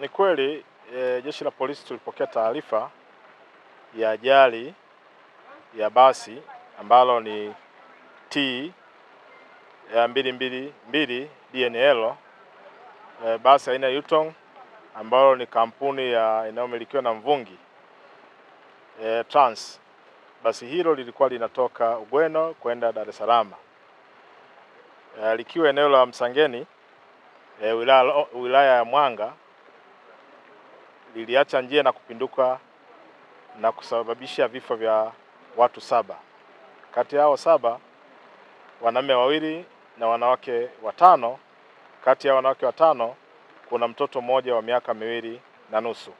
Ni kweli e, jeshi la polisi tulipokea taarifa ya ajali ya basi ambalo ni T ya mbili mbili mbili DNL e, eh, basi aina ya Yutong ambalo ni kampuni ya inayomilikiwa na Mvungi e, Trans. Basi hilo lilikuwa linatoka Ugweno kwenda Dar es Salaam e, likiwa eneo la Msangeni e, wilaya, wilaya ya Mwanga liliacha njia na kupinduka na kusababisha vifo vya watu saba. Kati yao saba wanaume wawili na wanawake watano. Kati ya wanawake watano kuna mtoto mmoja wa miaka miwili na nusu.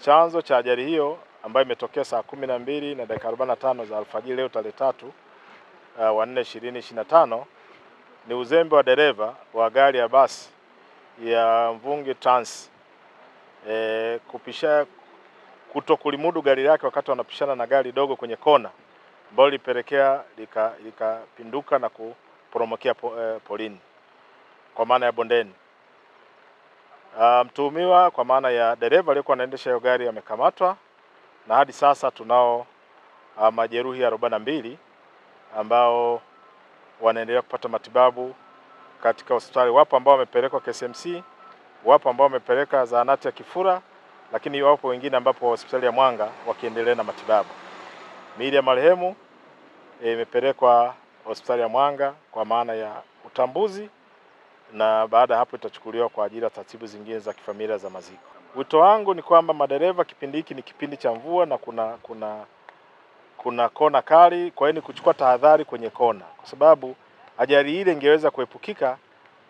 Chanzo cha ajali hiyo ambayo imetokea saa kumi na mbili na dakika arobaini na tano za alfajiri leo tarehe tatu uh, wa nne ishirini ishirini na tano ni uzembe wa dereva wa gari ya basi ya Mvungi Trans e, kupisha kuto kulimudu gari lake wakati wanapishana na gari dogo kwenye kona ambayo lilipelekea likapinduka na kuporomokia po, e, polini kwa maana ya bondeni. Mtuhumiwa kwa maana ya dereva aliyekuwa anaendesha hiyo gari amekamatwa na hadi sasa tunao majeruhi um, arobaini na mbili ambao wanaendelea kupata matibabu katika hospitali. Wapo ambao wamepelekwa KCMC wapo ambao wamepeleka zahanati ya Kifura, lakini wapo wengine ambapo hospitali ya Mwanga wakiendelea na matibabu. Miili ya marehemu eh, imepelekwa e, hospitali ya Mwanga kwa maana ya utambuzi na baada ya hapo itachukuliwa kwa ajili ya taratibu zingine za kifamilia za maziko. Wito wangu ni kwamba madereva, kipindi hiki ni kipindi cha mvua na kuna kuna kuna kona kali, kwa hiyo ni kuchukua tahadhari kwenye kona, kwa sababu ajali ile ingeweza kuepukika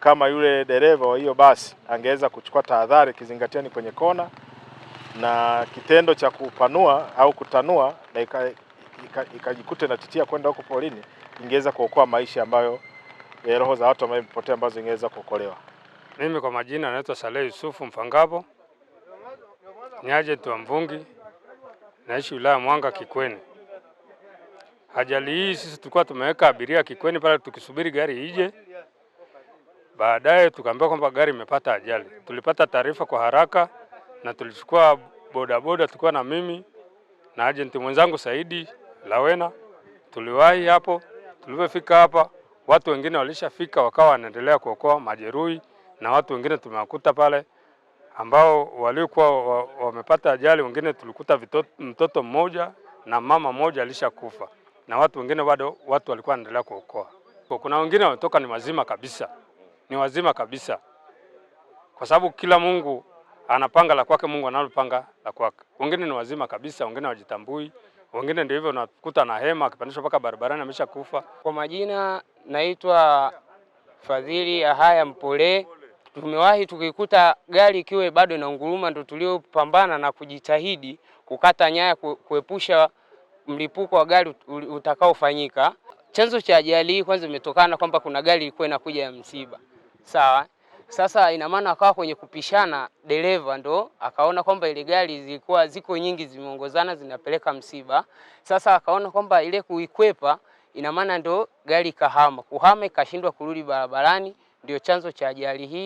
kama yule dereva wa hiyo basi angeweza kuchukua tahadhari, kizingatia ni kwenye kona, na kitendo cha kupanua au kutanua na ikajikuta inatitia kwenda huko polini, ingeweza kuokoa maisha ambayo eh, roho za watu ambao imepotea ambazo ingeweza kuokolewa. Mimi kwa majina naitwa Saleh Yusufu Mfangapo, ni ajenti wa Mvungi, naishi wilaya Mwanga Kikweni. Ajali hii sisi tulikuwa tumeweka abiria Kikweni pale tukisubiri gari ije Baadaye tukaambiwa kwamba gari imepata ajali. Tulipata taarifa kwa haraka na tulichukua bodaboda tukiwa na mimi na ajenti mwenzangu Saidi Lawena. Tuliwahi hapo, tulipofika hapa watu wengine walishafika wakawa wanaendelea kuokoa majeruhi na watu wengine tumewakuta pale ambao walikuwa wamepata ajali. Wengine tulikuta mtoto mmoja na mama mmoja alishakufa na watu wengine bado watu walikuwa wanaendelea kuokoa. Kuna wengine wametoka ni wazima kabisa ni wazima kabisa, kwa sababu kila Mungu anapanga la kwake, Mungu analopanga la kwake. Wengine ni wazima kabisa, wengine hawajitambui, wengine ndio hivyo, unakuta na hema akipandishwa mpaka barabarani ameshakufa Kwa majina naitwa Fadhili Ahaya Mpole. Tumewahi tukikuta gari ikiwa bado inaunguruma, ndo tuliopambana na kujitahidi kukata nyaya kuepusha mlipuko wa gari utakaofanyika. Chanzo cha ajali hii kwanza imetokana kwamba kuna gari ilikuwa inakuja ya msiba sawa. Sasa ina maana akawa kwenye kupishana, dereva ndo akaona kwamba ile gari zilikuwa ziko nyingi zimeongozana zinapeleka msiba. Sasa akaona kwamba ile kuikwepa, ina maana ndo gari ikahama, kuhama ikashindwa kurudi barabarani, ndio chanzo cha ajali hii.